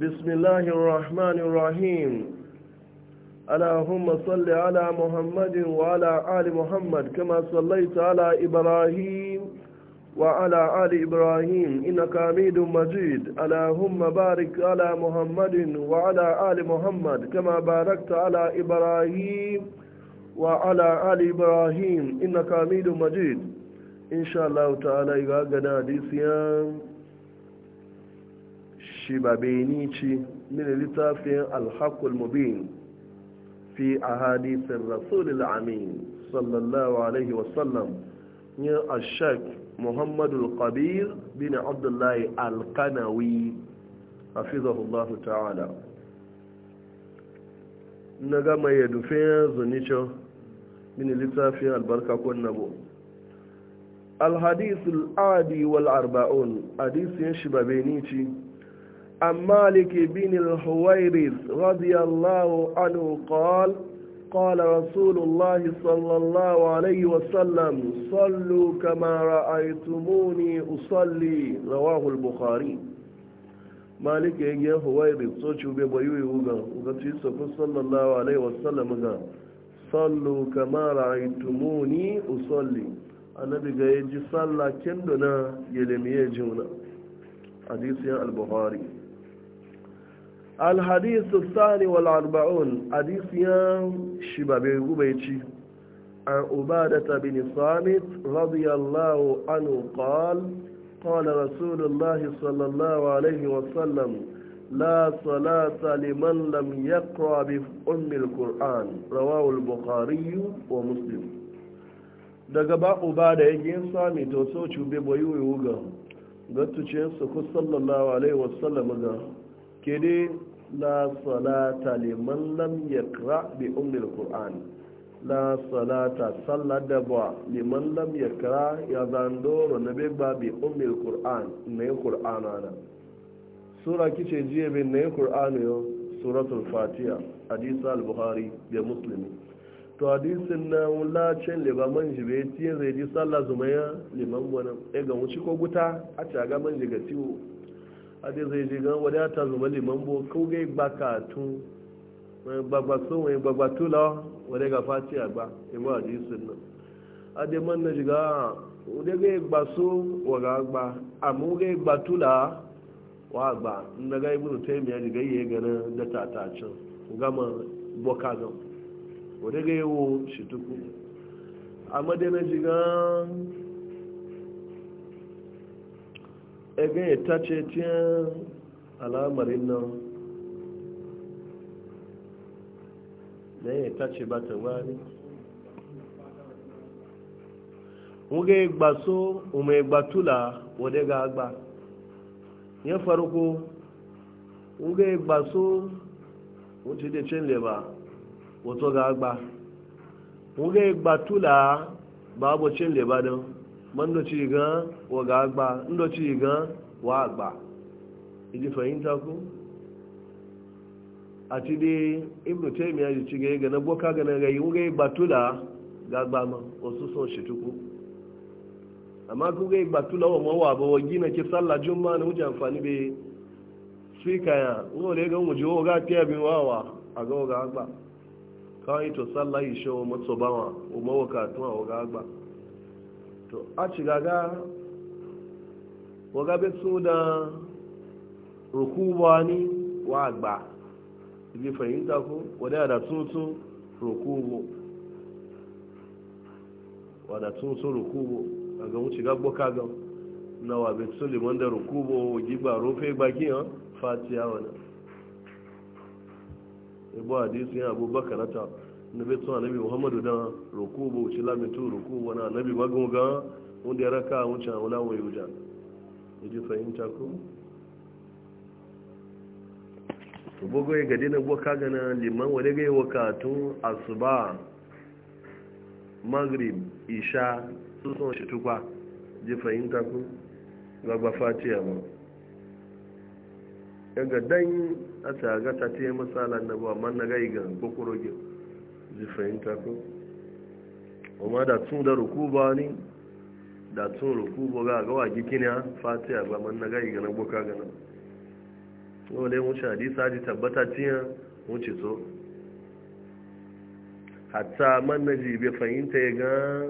بسم الله الرحمن الرحيم اللهم صل على محمد وعلى آل محمد كما صليت على إبراهيم وعلى آل إبراهيم إنك حميد مجيد اللهم بارك على محمد وعلى آل محمد كما باركت على إبراهيم وعلى آل إبراهيم إنك حميد مجيد إن شاء الله تعالى يغادنا ديسيان shi ba bayani ci min littafin alhaqul mubin fi ahadithin rasulil amin sallallahu alaihi wasallam ya ashak muhammadul qabir bin abdullahi alkanawi hafizahullahu ta'ala na gama ya dufe zunicin min littafin albarka kun nabo الحديث العادي والأربعون حديث ينشب بينيتي عن مالك بن الحويرث رضي الله عنه قال قال رسول الله صلى الله عليه وسلم صلوا كما رأيتموني أصلي رواه البخاري مالك يجي حويرث سوچو بيبوي وغا وغتي صلى الله عليه وسلم غا صلوا كما رأيتموني أصلي annabi ga yaji sallah kin dona yelemiye juna hadisi al-bukhari الحديث الثاني والأربعون حديث يام شباب غبيتي عن عبادة بن صامت رضي الله عنه قال قال رسول الله صلى الله عليه وسلم لا صلاة لمن لم يقرأ بأم القرآن رواه البخاري ومسلم daga ba uba da yake yin sami to so cube boyi wuga ga tuce su ku sallallahu alaihi wasallam ga ke dai la salata liman lam yakra bi ummil qur'an la salata salla da ba liman lam yakra ya zandoro na be ba bi ummil qur'an ne qur'an ana sura kice jiye be ne qur'an yo suratul fatiha hadith al-bukhari da muslim to hadisin na wulacin liman jibe tiye zai ji sallah zumaya liman wannan e ga wuce ko guta a ta ga man jiga ciwo ade zai ji gan wadata zuba liman bo kogai gbaka tun gbagba so wani gbagba tula wadai ga fati agba ibu hadisin nan ade man na jiga wadai ga gba so wa ga agba amma wadai gba la wa gba na ga ibu ta yi miya jiga yi gana da ta ta tatacin gama boka gan wadai ga yi wo shi tuku amma dai na jiga ega ya tace tiyan al'amarin nan na ya tace ba ta wani wuga igba so umu igba tula wade ga agba ya farko wuga igba so wuce da cin leba wato ga agba wuga igba tula babu cin leba don man ndochi ga wa ga agba ndochi ga wa agba iji fahimta ku a ti dai ibnu taymiya ji ga ga na boka ga na ga yi ga batula ga agba ma wasu son shi tuku amma ku ga batula wa mawa ba wa gina ki sallah juma na wuce amfani be sika ya ngole ga mu jiwo ga tiya bin wawa a ga ga agba kawai to sallah yi shawo matsobawa wa mawaka tun a ga agba to a shiga ga waga betsu da rukuba ni wa gba ibi fahimta ko wadda da tuntun rukubo wadda tuntun rukubo a ga wuce gagbo kagan na wa betsu liman da rukubo gigba rufe gbaki yan fatiya wani ibu hadisi abubakar ta na bai tun annabi muhammadu da roku ba wuce lamitu roku wani annabi wagon ga wanda ya raka wuce a wani wani ja yaji fahimta ko to bugu ya gadi na boka gana liman wadda ga yi wakatun asuba maghrib isha sun son shi tukwa ji fahimta ko gaba fatiya ba daga dan a taga ta te matsala na ba man na gaigan kokoro gina ji fahimta ko amma da tun da ruku ba ni da tun ruku ba ga gawa gikin ya fati a gbaman na gari ganin boka ganin wale wuce hadisa ji tabbata tiya wuce so hatta man na ji bai fahimta ya ga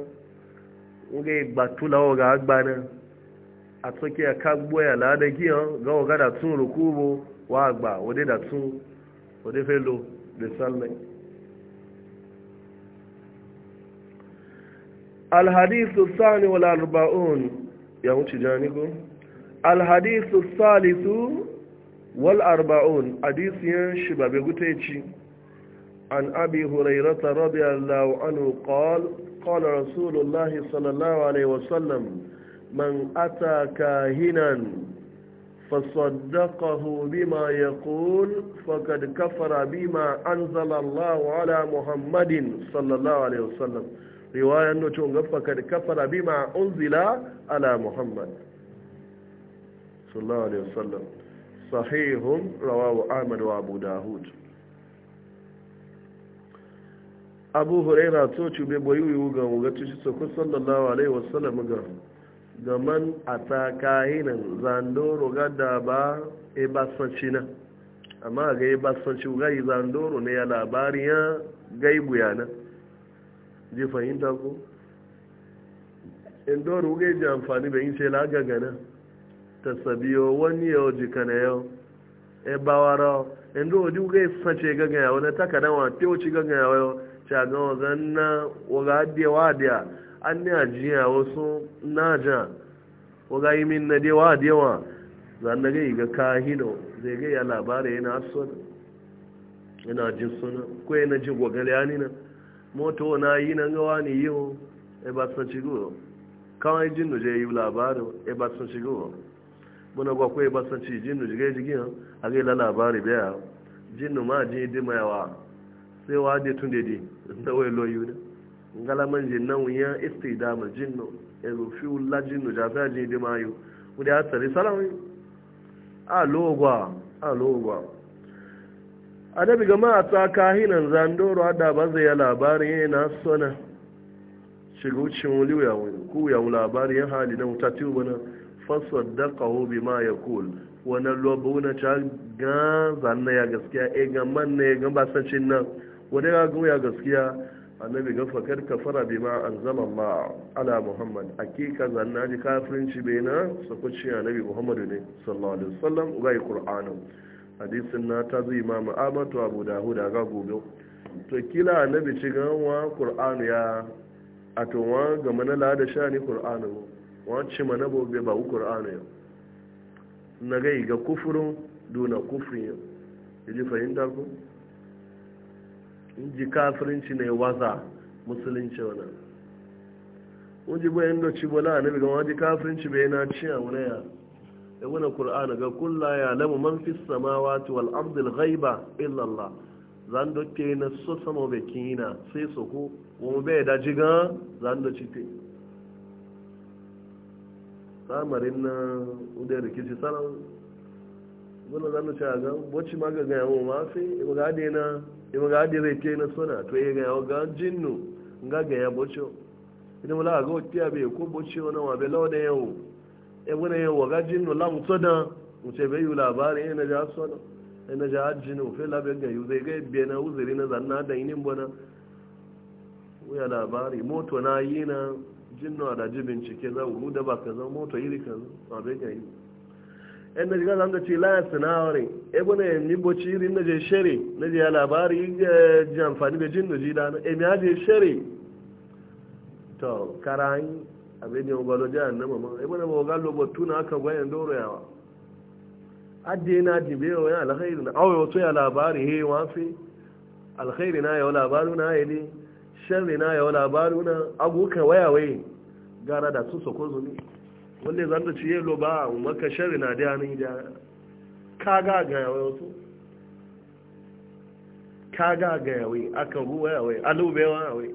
wuge gbatula wa ga agbana a tsoke a kagbo ya lada giyan ga waga da tun ruku wa agba wade da tun wade felo da sallai alhadisu sani wala ya wal arba'un hadisi ya shi ci an abi hurairata rabi allahu anu qal qala rasulullah sallallahu man ata kahinan فصدقه بما يقول فقد كفر بما أنزل الله على محمد صلى الله riwaya ndo to ngafa kad kafara bima unzila ala muhammad sallallahu alaihi wasallam sahihun rawahu ahmad wa abu dahud abu huraira to cube boyu ga ngatu shi sako sallallahu alaihi wasallam ga gaman man ataka hinan zandoro gada ba e basancina amma ga e basanci ga zandoro ne ya labariya gaibu yana ji fahimta ko in doro ga ji amfani bayin ce laga gana ta sabiyo wani yau na yau e bawara in doro ji ga sace gaga yau na takada wa tewo ci gaga yau shagan wazan na waga adiya wa adiya an ne ajiya wasu naja waga yi min na dai wa adiya wa zan na gai ga kahino zai gai ya labarai yana suna yana jin suna ko yana jin gwagwale ya nina moto na yi nan gawa ne yi ho e ba sun shigo kawai jin nuje yi labarin e ba sun shigo muna gwa ko e ba sun ci jin nuje gai jigin a gai la labari biya jin ma jin di mai wa sai wa de tun de di da wai loyu ne ngala man jin nan wuya istidama jin no e ru fi la jin nuje afa jin di mayo mu da tsari salawi a gwa a gwa. annabi bi ma ta kahinan zandoro da ba zai ya labarin yana sona shiga wucin wuli ku ya labarin ya hali na wuta tiyo bana fasaddaqahu ya yaqul wani lobo na ta ga zanna ya gaskiya e ga manne ya ga basancin nan wani ga ya gaskiya annabi ga fakar kafara bima anzala Allah ala Muhammad hakika zanna ji ci bai na sakuci annabi Muhammadu ne sallallahu alaihi wasallam ga Qur'anin hadisin na ta zai imamu amatu abu dahuda ga gobe to kila annabi ci ganwa qur'anu ya a to wa ga manala la da shani qur'anu wa ci mana bobe ba qur'anu ya na gai ga kufurun duna kufrin ya ji fahimta ku in ji kafirinci ne waza musulunci wani wajen bayan da ci bola annabi ga wajen kafirinci bai na ci a wani ya da wani ga kulla ya lamu man fi samawati wal ardi al ghaiba illa allah zan do ke na so sama be kina sai so ko mu be da jiga zan do cite samarin na ude rikici sanan wani zan do ga bocci ma ga ga ma ga de na ga de re ke na sona to ya ebuna yin waga jinnu lamu tsoda mace bai yi labarin yana ja tsoda yana ja ajini ofe labin ga yi zai gai biya na uzuri na zanna da yi yinin bana wuya labari moto na yi na jinnu a daji bincike za mu da ba ka zan moto iri ka zan abin ga yi yan najiga zan da ce laya sinawari ebuna yin ci iri na je shere na je ya labari ji amfani da jinnu ji dana emi ya je shere to karayi abin yau galo jihar na mama ibi na bawa galo batu na aka bayan doro yawa adde na dibe yawa ya alkhairi na awai wato ya labari he wafi alkhairi na ya labaru na ya ni sharri na yawa labaru na abu ka aguka wayawai gara da sun sako zuni wanda zan da ciye lo ba maka sharri na da ni da Ka ga yawa wato kaga ga yawa aka ruwa yawa alubewa wai.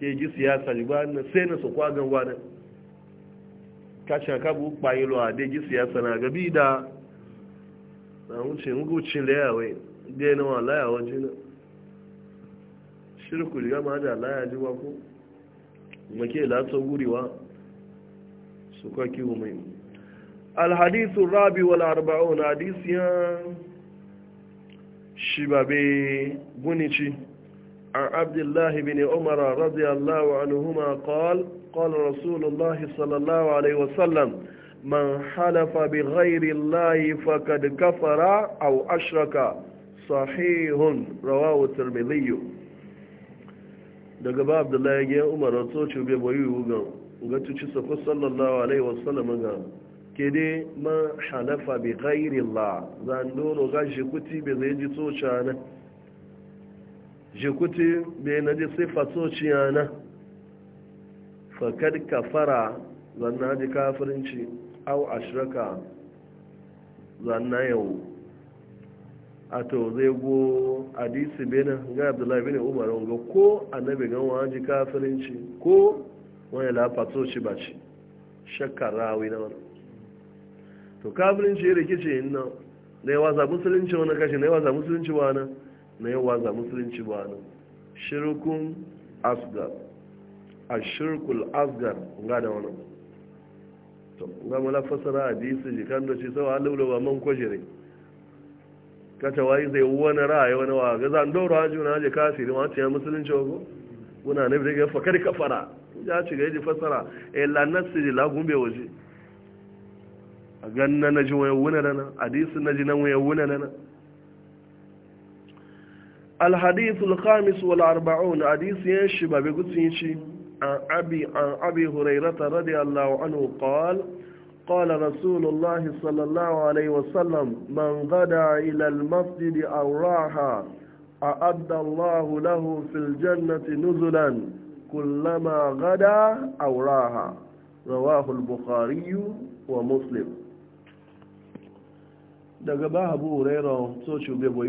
keji siyasa ba na sai na su kwagan wani kashin kabu kpayin lo da ji siyasa na gabi da na wuce ngucin layawai dai na wa layawa jina shirku riga ma da laya ji wa ko make latsa gurewa su kwaki umai alhadisu rabi wal arba'un hadisiyan shibabe gunici عن عبد الله بن عمر رضي الله عنهما قال قال رسول الله صلى الله عليه وسلم من حلف بغير الله فقد كفر أو أشرك صحيح رواه الترمذي daga ba abdullahi ya umar to ci be boyi wuga ga tuci sako sallallahu alaihi wasallam ga kede ma halafa bi ghairi allah zan doro ga kuti be zai ji to jikuti bai na ji sifatoci yana fakad kafara zanna ji kafirinci au ashiraka zanna yau a to zai go hadisi bena ga abdullahi bin umar ga ko annabi gan waji kafirinci ko wani lafatoci ba ce shakkar rawi na wani to kafirinci rikici yin nan na yawa za musulunci wani kashi na yawa za musulunci wani na yawa za musulunci ba nan shirkun asgar a shirkul asgar ga da wani ga na fasara hadisi jikan da ce sawa laulawa man kwajire kata wayi zai wani ra'ayi wani wa ga zan doro haji wani haji kafiri ma cikin musulunci ko muna ne bi ga fakar kafara ya ci ga yaji fasara e eh, la ji lagun bai waje a ganna na ji wani wuna na hadisi na ji nan wani wuna na الحديث الخامس والأربعون حديث ينشب بقسينشي عن أبي, عن أبي هريرة رضي الله عنه قال قال رسول الله صلى الله عليه وسلم من غدا إلى المسجد أو راح أعد الله له في الجنة نزلا كلما غدا أو راح رواه البخاري ومسلم daga ba abu hurairah so shugaba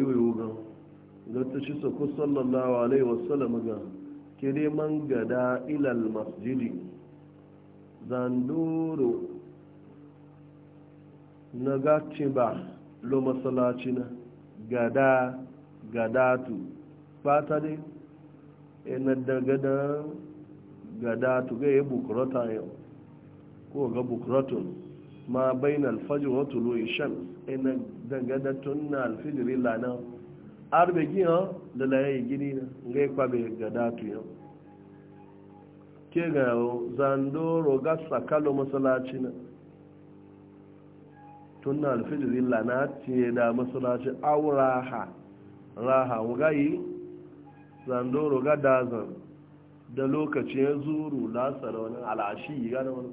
zata shi sako sallallahu alaihi wasallam ga kire man gada ilal masjidi zanduru na gaci ba lo masalaci na gada gadatu fata ne ina daga gada gadatu ga yi bukurata yau ko ga bukuratun ma bayan alfajin wata ishan ina daga tun na alfijiri lanar arbe gi ha da laye gini na ngai kwabe ga datu yau ke ga zandoro ga sakalo masalaci na tun na alfijir illa na ce da masalaci auraha raha wugayi zandoro ga dazan da ya zuru lasara wani alashi ga na wani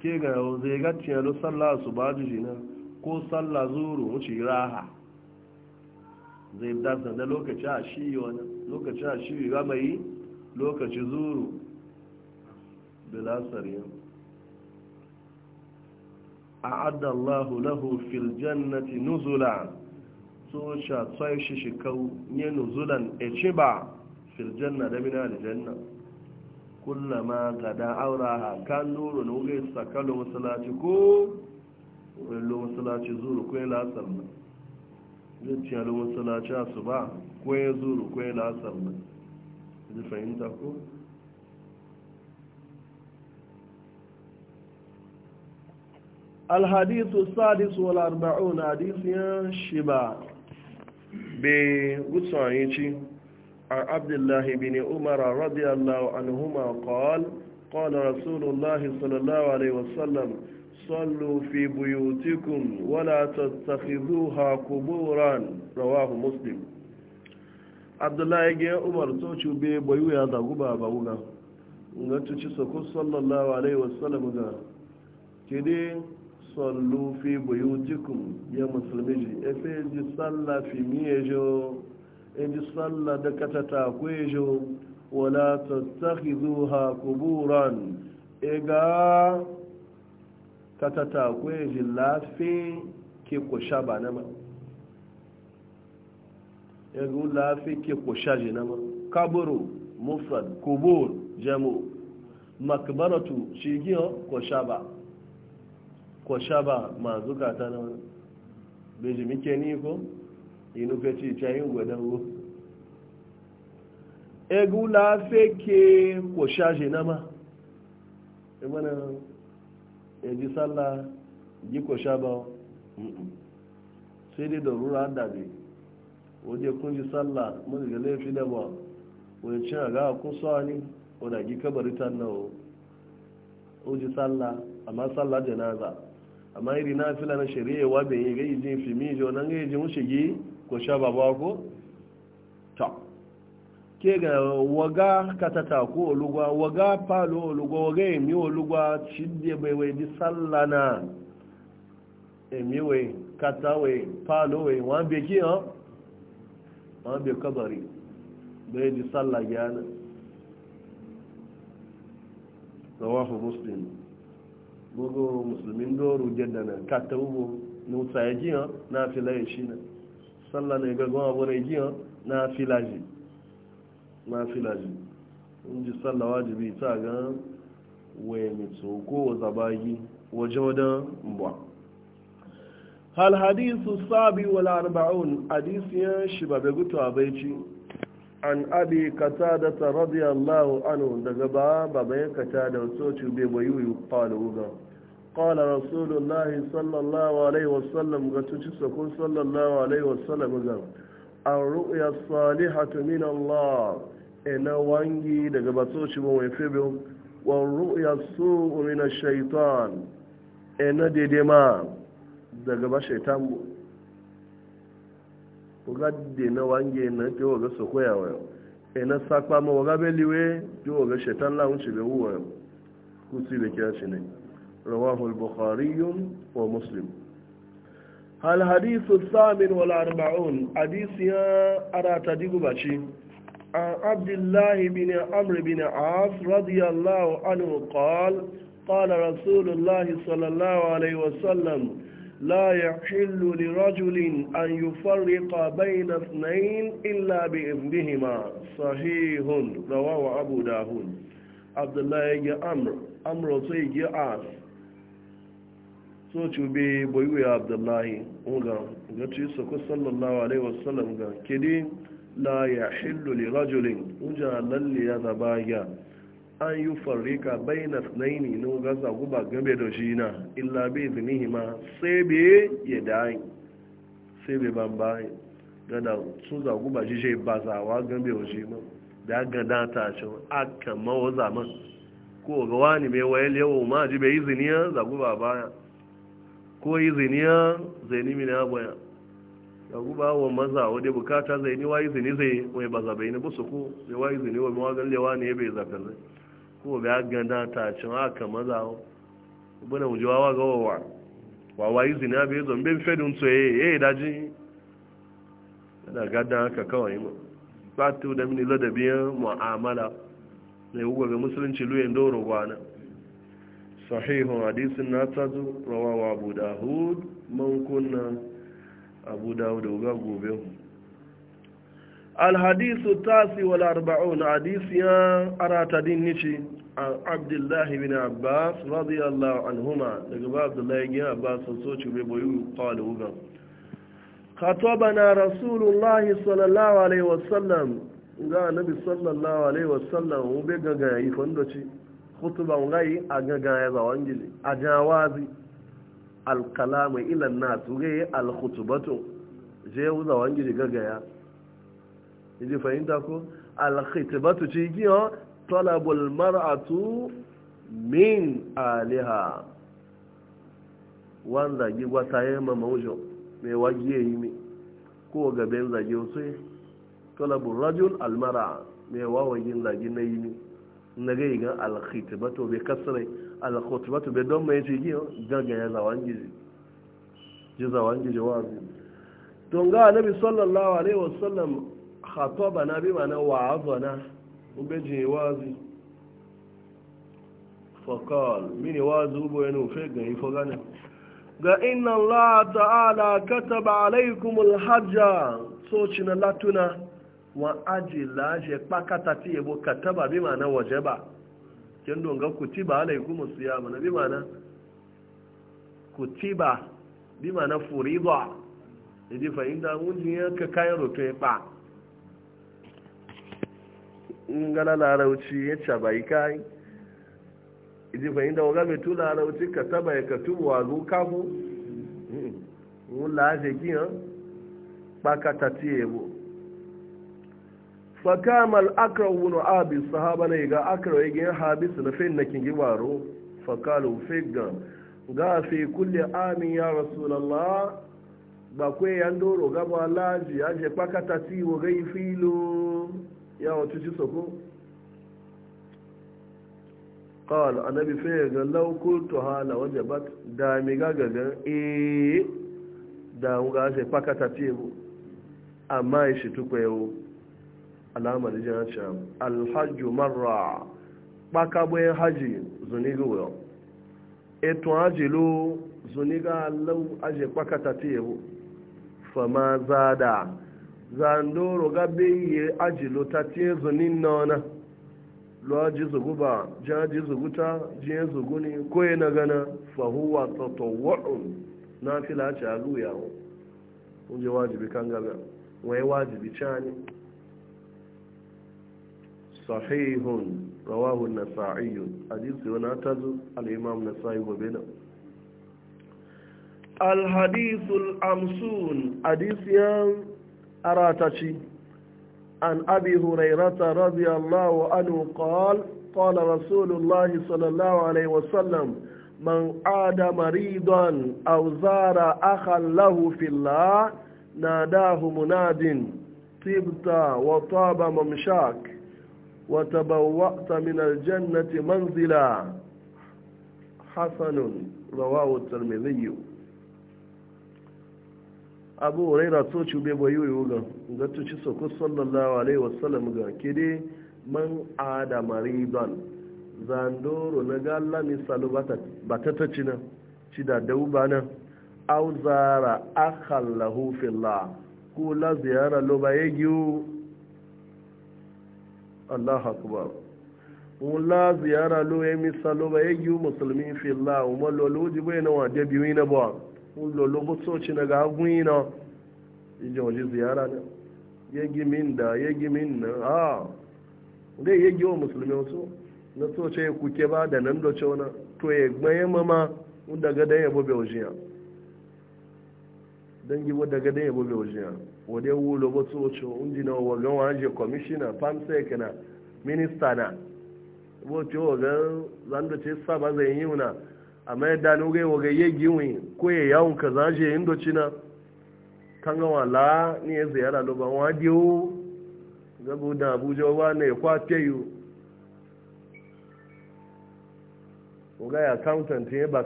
ke ga zai gacce ya lusar su ba jiji na ko sallah zuru wuce raha zai dasa da lokaci a shi wani lokaci a shi mai lokaci zuru bilasar yau a adallahu lahu fil jannati nuzula so sha tsaye shi shikau ne nuzulan e ce ba fil janna da mina da janna kullama gada ha kan nuru na wuge sakalin ko wurin lomar salaci zuru ko yi la'asar nan zuciya lomar salaci a su ba ko yi zuru ko yi la'asar nan fahimta ko alhadisu sadis wal arba'un hadisiyan shi ba bai gutsanyi ci an abdullahi bin umar radiyallahu anhu ma kawal kawal rasulullahi sallallahu alaihi wasallam صلوا في بيوتكم ولا تتخذوها قبورا رواه مسلم عبد الله يجي عمر توچو بي بيو يا دغو بابا ونا ngatuci sako sallallahu alaihi wasallam ga kide sallu fi buyutikum ya musulmi ji efe ji salla fi miyejo e ji salla da katata kwejo wala tattakhidhuha quburan katata kwe ji lafi ke kusha ba nama yagu lafi ke kusha ji nama kaburu mufrad kubur jamu makbaratu shi giyo kusha ba kusha ba ma zukata na wani beji mike ni ko inu fe cayin gwadon ru egu lafi ke kusha ji nama imanin eji sallah jiko shaba sai dai da rura dabe wadda kun ji sallah mun ga laifi da ba wadda cin a gawa kun sawa ne wadda gi kabari ta nawa oji sallah amma sallah janaza amma iri na fila na shari'a wa bai yi ga yi jin fimi jo nan ga yi jin wuce gi ko shaba ba ko ke ga waga katata ko olugwa waga palo olugwa waga emi olugwa chidde bewe di sallana emi we kata we palo we wan be ki han wan be kabari bewe di salla gyana rawahu muslim gogo muslimin doru jaddana kata ubo nusa ya ji han na fila ya shi na sallana ya gaggawa abu na ji han na filaye. na filaji in ji sallah wajibi ta ga waye mutu ko zabagi waje wadan mbuwa hal hadisu sabi wal arba'un hadisiyan shi babe gutu abaici an abi katada radiyallahu anhu daga ba babayen da so ci be bayuyu qala uga qala rasulullahi sallallahu alaihi wasallam ga tuci sakon sallallahu alaihi wasallam ga al’ru’ya salihatu min Allah ina wangi daga batsoci mu mai fi biyu wa ru’ya su umina shaitan ina daidai ma daga ba shaitan bu gadi na wangi na ke waga su koyawa ina sakwa ma waga beliwe ke waga shaitan launci da huwa kusi da kyashi ne rawahul bukhariyun wa muslim الحديث الثامن والأربعون حديث يا أراتدق بشي عن عبد الله بن عمرو بن عاص رضي الله عنه قال قال رسول الله صلى الله عليه وسلم لا يحل لرجل أن يفرق بين اثنين إلا بإذنهما صحيح رواه أبو داود عبد الله يجي أمر أمر سيجي عاص so cube bai ya abdullahi unga ga ci sako sallallahu alaihi wasallam ga kidi la ya hillu li rajulin unja lalle ya zaba ya an yi farrika bayna tsnaini na ga zagu ba gabe da shi na illa bi iznihi ma sai be ya dai sai be ban bai gada su zagu ba shi shi ba zawa gabe da shi ma da gada ta shi aka mawa zaman ko ga wani mai wayar yawo ma ji bai izini ya zaguba ba baya ko yi ziniya zaini mini abaya ya guba wa maza wadda bukata zaini wayi zini zai mai baza bai ni busu ko zai wayi zini wa mawagan lewa ne bai zaka zai ko bai ganda ta cin haka maza bana mu jiwa ga wawa wa wayi zini bai zo bin fedun tsoye e! Eh, daji eh, da gadan haka kawai mu fatu da mini ladabiyan mu'amala ne ugo ga musulunci luyen doro gwana sahihun hadisin na tazu rawawa abu dahud mankuna abu dahud ga gobe hu alhadisu tasi wala arba'un hadisi ya arata din nici a abdullah bin abbas radiyallahu anhuma daga ba abdullah ya gina abbas so ci bai boyu kwalu ga katoba na rasulullahi sallallahu alaihi wasallam ga nabi sallallahu alaihi wasallam wube gaga ya yi kwandoci kutuba ngai agaga ya zawangili ajawazi alkalamu ila nas ngai Alkutubatu je uza wangili gagaya idi fahimta ko alkhitbatu ci giyo talabul mar'atu min aliha wanda gi gwata yema maujo me yi mi? ko gaben zage sai talabul rajul almar'a me wawagin zage na mi? na gai gan alkhitbatu bai kasare alkhutbatu bai don mai ce giyo gaga ya zawan gizi ji zawan gizi wazi don ga annabi sallallahu alaihi wasallam khataba na bi mana wa'azana ube ji wazi faqal mini wazi ubo yana ufe ga ifo gane ga inna allah ta'ala kataba alaikumul hajja so cina latuna wa aji laje pakata ti yabo kataba bi ma'ana waje ba kin donga kutiba alaikum siyam na bi ma'ana kutiba bi ma'ana furida idi fa inda mun ya ka kayan roto ya ba ngala larauci ya cabai kai idi fa inda waga be tula ka kataba ya tubu wa go kafu mun hmm. laje kiyan pakata ti yabo fakamal akra wunu abi sahaba ne ga akra yake habis na fen na kingi waro fakalu figga ga fi kulli amin ya rasulallah. ba kwe ya ndoro ga ba laji a je pakata ti wo ga ifilo ya wato ci soko قال انا بفيغ لو قلتها لوجبت دامي غغغ ايه da wuga sai pakata tebo amma shi tukwayo alamar jihar sham alhajju marra ɓakaɓoyin haji zuniga wuyo eto hajilu zuniga lau aje ɓakata ta yabo fama zada zandoro gabe yi ajilu ta tiye zuni nona lo ji zugu ba ja ji zugu ta jiye zugu ne ko yi na gana fahuwa tattawa'un na fila ci alu yawo kun sahihun rawahu nasa'i hadisi wani nasa'i gobe da amsun hadisiyan an abi hurairata radiyallahu anhu qala قال رسول alaihi صلى الله عليه وسلم من عاد مريضا أو زار أخا له في الله ناداه مناد وتبوأت من الجنة منزلا حسن رواه الترمذي abu huraira so ci bai bayu yiwu ga gattu ci soko sallallahu alaihi wasallam ga kide man ada maridan zandoro na galla misalu bata ta ci na ci da dauba na au zara akhallahu fillah ko la ziyara lo ba yagiu Allah akbar wula ziyara lo ya misalo ba yagi musulmi fi Allah umma lolo ji bai na wa dabi na ba lolo bo so ci na ga gwi na ije wani ziyara na yagi min da yagi min na a dai yagi wa musulmi wasu na so ce kuke ba da nan doce wani to ya gbaye mama daga dan yabo bai wajiya dan wadda e e ya e wulo ba tsoci inji na wagan wajen pam na minista na wace wagan zanda sa saba zai yi wuna amma yadda ni ye waga ya giwi ko ya ka yin doci na kan wala ni ya ziyara loba wa diyo gabu da abuja wa ne kwa ya accountant ba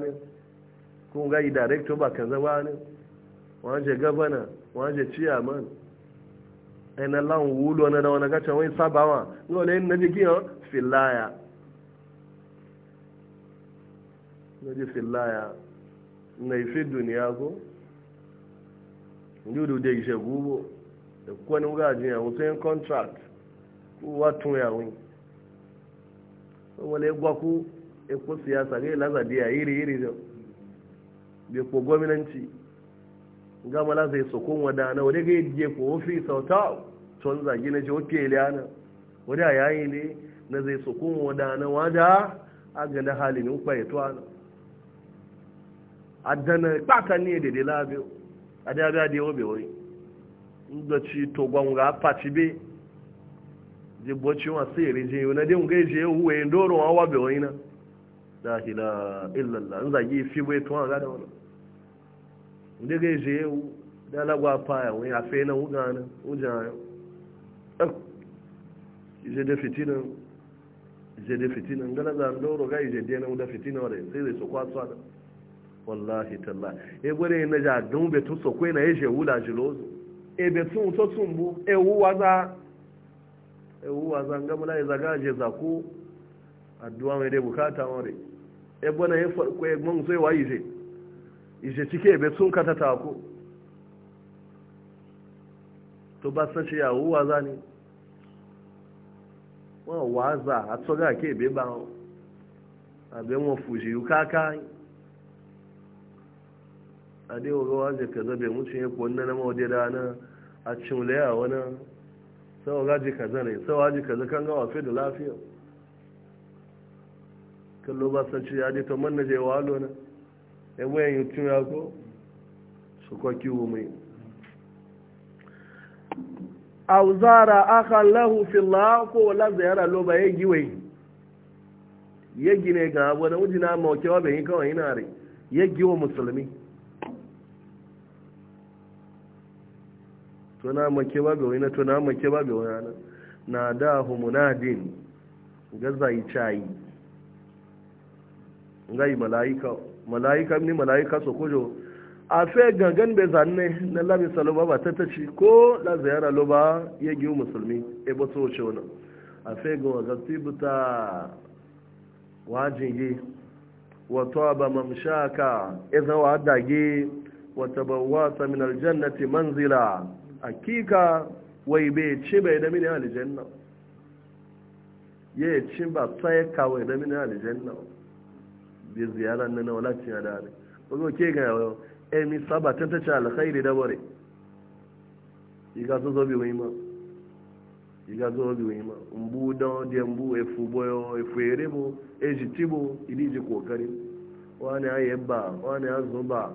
ne ko ga yi director ba ne waje ciya man ai na lan wulo na da wani gacha wani sabawa ga wani na ji giyan filaya na ji filaya na ife duniya ko dudu da ishe gubo da kwanin gajin ya wuce yin contract kowa tun yawon wani gwaku ekwu siyasa ga ilazadi a iri iri da bai ko gwamnanci gama la zai sokon wadana wadda ga yadda ko ofi sauta tun zagi na jokke iliyana wadda yayi ne na zai sokon wadana wadda a ga na halin ukwa ya tuwa na adana kpata ne da dela biyu a da biya da yawon bewai da ci to gwamga faci be jibboci wa sai ndị yi na din ga je yau wayin doron awa na illallah in zagi fi bai tuwa ga da wani je ga-eji ewu dalagwa paya wani a fe na wuga na wujan ayo ɗan da fitinan ije da fitinan gana za a doro ga ije dena da fitinan wadda sai zai su kwatsa da wallahi talla e gwada na ja don betu so kwai na eje wula jilozo e betu to bu. e wuwa za e wuwa za ngamula e zaga je zaku addu'a mai dai bukata wadda e bana ya farko e gman sai wa ije ishe cike bai sun kata tako to ba san shi yawo waza ne wọn waza a tsoga ke bai ba A abin wọn fushi yi kaka a dai waga waje ka zabe mutum ya kuwa na mawaje da na a cin laya wani sau gaji kaza ne sau gaji kaza kan gawa fi da lafiya kallo ba san shi ya je to manna je walo na enweghị tụrụ agwọ sokwa kiwu mai auzara aka lahu filla ko wala ya lo ba yi giwe ya gine ga abu na wujina mauke wa bai kawai yana rai ya giwa musulmi tuna make ba bai wani tuna na da humunadin ga zai cayi ngai mala'ika mala'ika ni mala'ika su kujo a fe gangan bai zanne na labi saloba ba ta tace ko la ziyara lo ba ya giyu musulmi e ba so ce wani a fe ga wazarti buta wajin yi wato ba mamshaka e wa dage wata bawata min aljannati manzila akika wai bai ci bai da mini aljanna ya ci ba sai kawai da mini aljanna da ziyara nan na walacin ya dare ko ke ga yau e mi saba tan ta cha alkhairi da bare iga zo zo bi yi iga zo bi wima mbu don de mbu e fu boyo e fu erebo e jitibo idi ji kokari wani ayeba wani azuba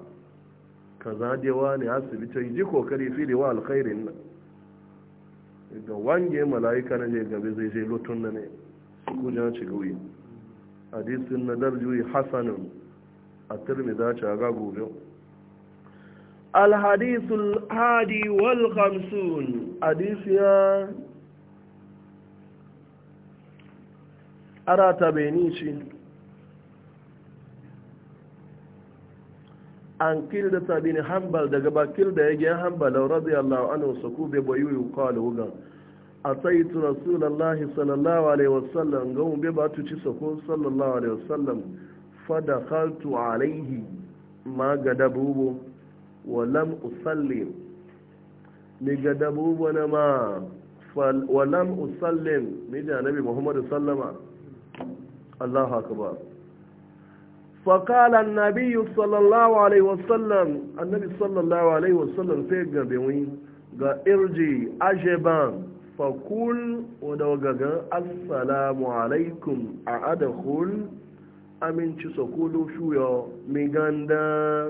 kaza de wani yi ji kokari fi da wa alkhairin nan ga wange mala'ika na je gabe zai je lotun na ne su kujan ci gauyi hadisin na darjuyi hasanin a turmida ce a gagobe alhadisul hadi wal khamsun hadisiya arata benici an kilda ta bin hanbal daga bakil da ya gyan hanbal radiyallahu anu su kube bayu yuqalu gan أتيت رسول الله صلى الله عليه وسلم قوم ببا تشيسكو صلى الله عليه وسلم فدخلت عليه ما قدبوه ولم أسلم نقدبوه ونما ولم أسلم نجا نبي محمد صلى الله عليه وسلم الله أكبر فقال النبي صلى الله عليه وسلم النبي صلى الله عليه وسلم سيقى بوين قال ارجي أجبان fakul wadda gaga assalamu alaikum a adakul aminci sakulu shuyo miganda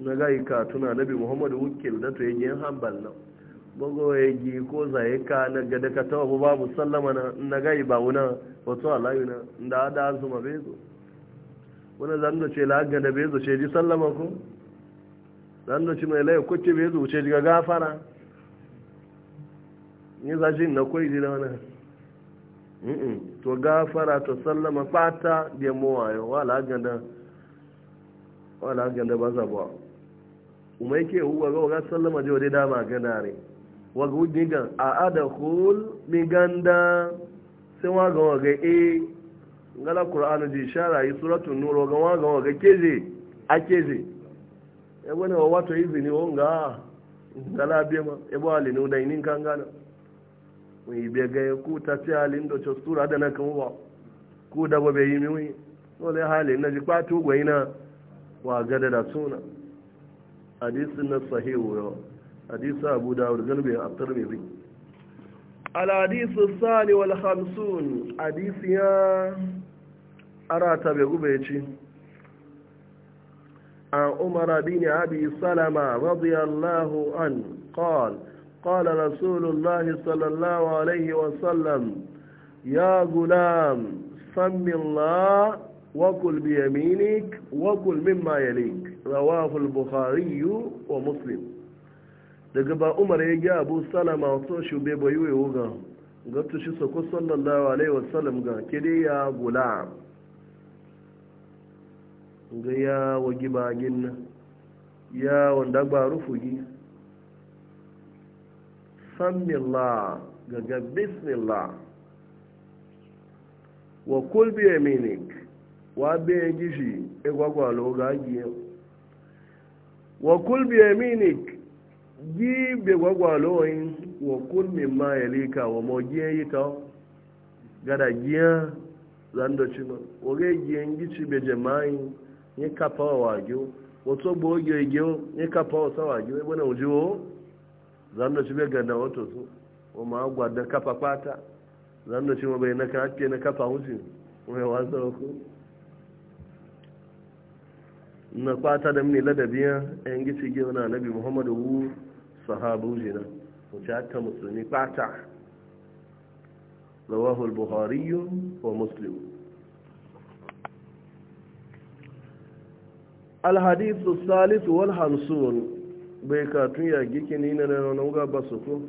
na gai katuna nabi muhammadu wukil da to yin hanbal na bugu ya gi ko zaye ka na gada ka tawa babu sallama na na gai ba wuna wato alayu na da da zuma bezo wani zanga ce la gada bezo ce ji sallama ko zanga ce mai laye kwace bezo ce ji ga gafara ni za shi na kwai jira wani to gafara to sallama fata da mawayo wala ganda ganda ba za ba kuma yake huwa ga waga sallama je wadai dama gana ne waga wujin gan a adakul mi ganda sai waga waga e ngala kur'anu ji shara yi suratun nuru waga waga waga keje a keje ya gwani wa wato izini wonga ngala bema ya ba alinu da inin kan gana wai bai ga ku ta ce halin da ce sura da na kan ba ku da ba bai yi miwi dole halin na ji kwatu gwai na wa gada da suna hadisun na sahihu yau hadisa abu dawud galibin aftar mai zai alhadisu sani wal hamsun hadisi ya arata bai gube ci an umara بن أبي Salama رضي الله an قال قال رسول الله صلى الله عليه وسلم يا غلام سم الله وكل بيمينك وكل مما يليك رواه البخاري ومسلم daga ba umar ya ga abu salama so shube bai yi wuga ga shi sako sallallahu alaihi wasallam ga kide ya gulam ga ya wagi bagin ya wanda ba sammillah gaga bismillah wa kul bi yaminik wa be gishi e gwagwalo ga giye wa kul bi yaminik gi be gwagwalo yin wa kul mimma yalika wa mogiye yita gada giya zando chima wa ga giye ngichi be jama'i nye kapa wa wagyo wato bo gyo gyo ni kapa wa sawagyo e bona ujiwo zanna shi bai ganda wato su o ma gwada kafa kwata zanna shi ma bai na kan ake na kafa wuce mai wasa ku na kwata da mini ladabiya yan gici gina na nabi muhammadu wu sahabu jina wuce hatta musulmi kwata rawahu al-bukhari wa muslim Salisu Wal hamsun bai katun ya gike ni na nan wuga ba su ko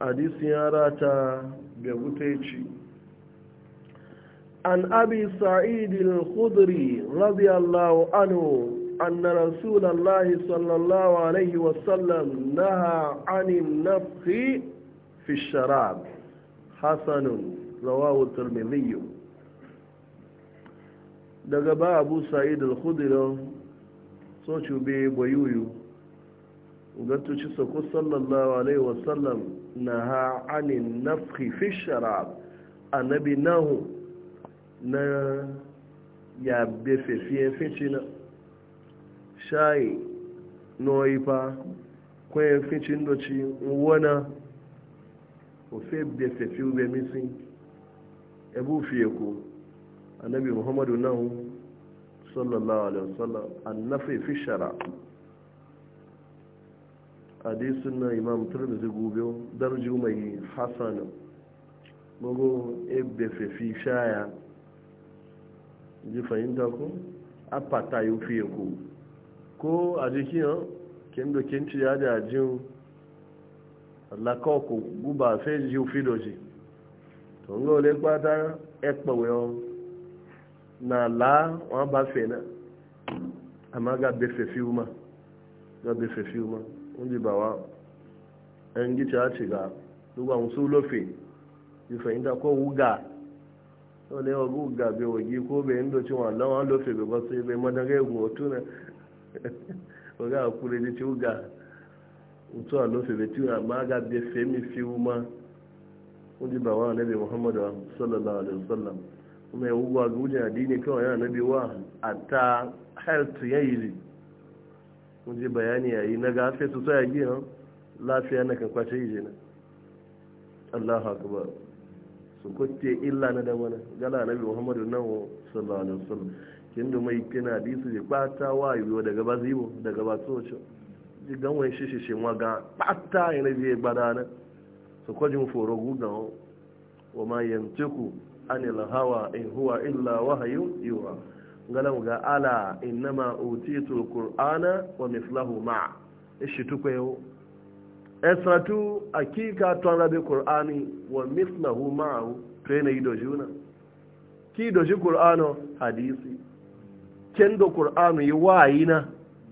hadisin yara ta gabutaici an abi sa'id al-khudri radiyallahu anhu أن رسول الله صلى الله عليه وسلم نهى عن النفخ في الشراب حسن رواه الترمذي daga ba abu sa'id al-khudri so cube bayuyu gattu ci sako sallallahu alaihi wasallam na ha anin nafhi fi sharab annabi nahu na ya befe fiye ficina shayi noifa kwayan ficin doci wana ofe befe fiye ube misin ebu fiye ko annabi muhammadu nahu sallallahu alaihi wasallam annafi fi shara hadisun na imam turmizi gobe darju mai hassan mago ebe fefi shaya ji fahimta ku a fata yi fiye ko ko a jikin eh? yan kendo kenci ya da jin lakọkọ guba fe ji fi doji to n ga ole na laa wọn ba fena náà àmọ́ gà bẹ fẹ fíwú ma gà bẹ fẹ fíwú ma wọn jì bà wá ẹn a ti gà gbogbo àwọn sọ lọfẹ ìfẹ̀yìn tá kọ́ wú gà wọn lé wọn kó gà bẹ wọ yìí kó bẹ ń wọn bẹ wọn ní bẹ mi ma wọn mai ugwa ga wujen addini kawai na biwa a ta health ya yi ji wuje bayani yayi na gafe su sai gi han na kan kwace na Allahu akbar su kwace illa na gala nabi Muhammadu nan sallallahu alaihi wasallam kin da mai kina disu je kwata wa yiwo daga bazibo daga ji ganwan shishi shi ga ma anil hawa in huwa illa wahayu yuha galam ga ala innama utitu qur'ana wa mithlahu ma ishi tukwayo esatu akika bi qur'ani wa mithlahu ma tena ido juna ki do ji qur'ano hadisi kendo qur'ano yi wayina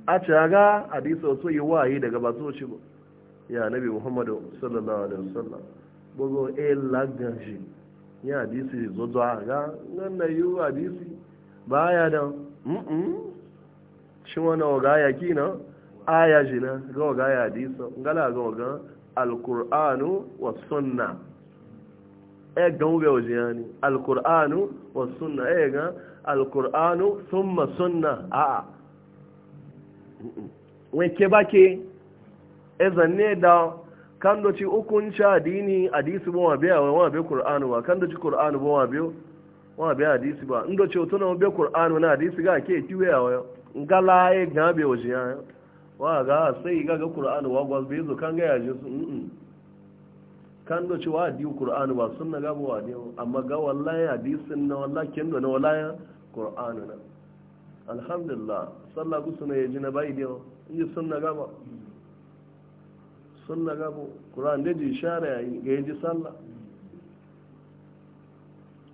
a caga hadisi so yi daga ba shi ba ya nabi muhammadu sallallahu alaihi wasallam bogo e lagashi ya hadisi zozo ga nan na yi hadisi ba ya da mm shi wani oga ya ki na aya ji na ga oga ya hadisi ngala ga waga alkur'anu wa sunna e ga wuga waje ya ne alkur'anu wa sunna e ga alkur'anu summa sunna a a wike-bake ba ke e da kan do ci ukun cha dini hadisi bo wa biya wa be qur'anu wa kan do ci qur'anu bo wa biyo wa be hadisi ba ndo ci to na be qur'anu na hadisi ga ke tiwe ya ngala e ga be o jiya wa ga sai ga ga qur'anu wa gwa be zo kan ga ya jisu mm kan do ci wa di qur'anu ba sunna ga bo wa di amma ga wallahi hadisin na wallahi kendo na wallahi qur'anu na alhamdulillah sallah gusuna ya ji na bai dio in ji sunna ga ba sunna gabo ƙuran da ji share yayi ga yaji sallah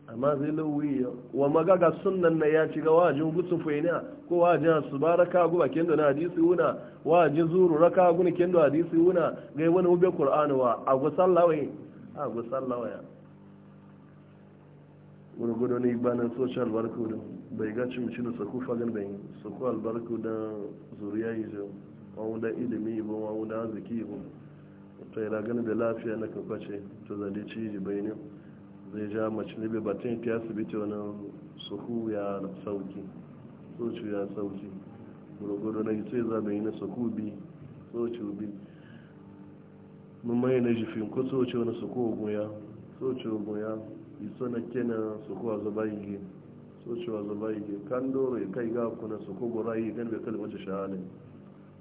amma zai lauyi wa magaga sunnan na ya ci ga wajin gutsu fainiya ko wajin su ba raka guba kendo na hadisi wuna wajin zuru raka guna kendo hadisi wuna ga wani ube qur'ani wa a gu sallah wai a go sallah wai gurgudu ne banan social barku da bai ga cin shi da saku fagan bai saku albarku da zuriya yi jo wa wanda ilimi ba wa wanda arziki ba to yana ganin da lafiya na kan kwace to zade ci bai bayanin zai ja mace ne bai batun ta asibiti wani suku ya sauki soci ya sauki gurgudu na sai bai yi na suku bi soci bi mun mai na jifin ko soci wani suku ogunya soci ogunya iso na kena suku a zaba yi soci a zaba yi kan doro ya kai ga kuna suku gura yi kan bai kalmace shahadin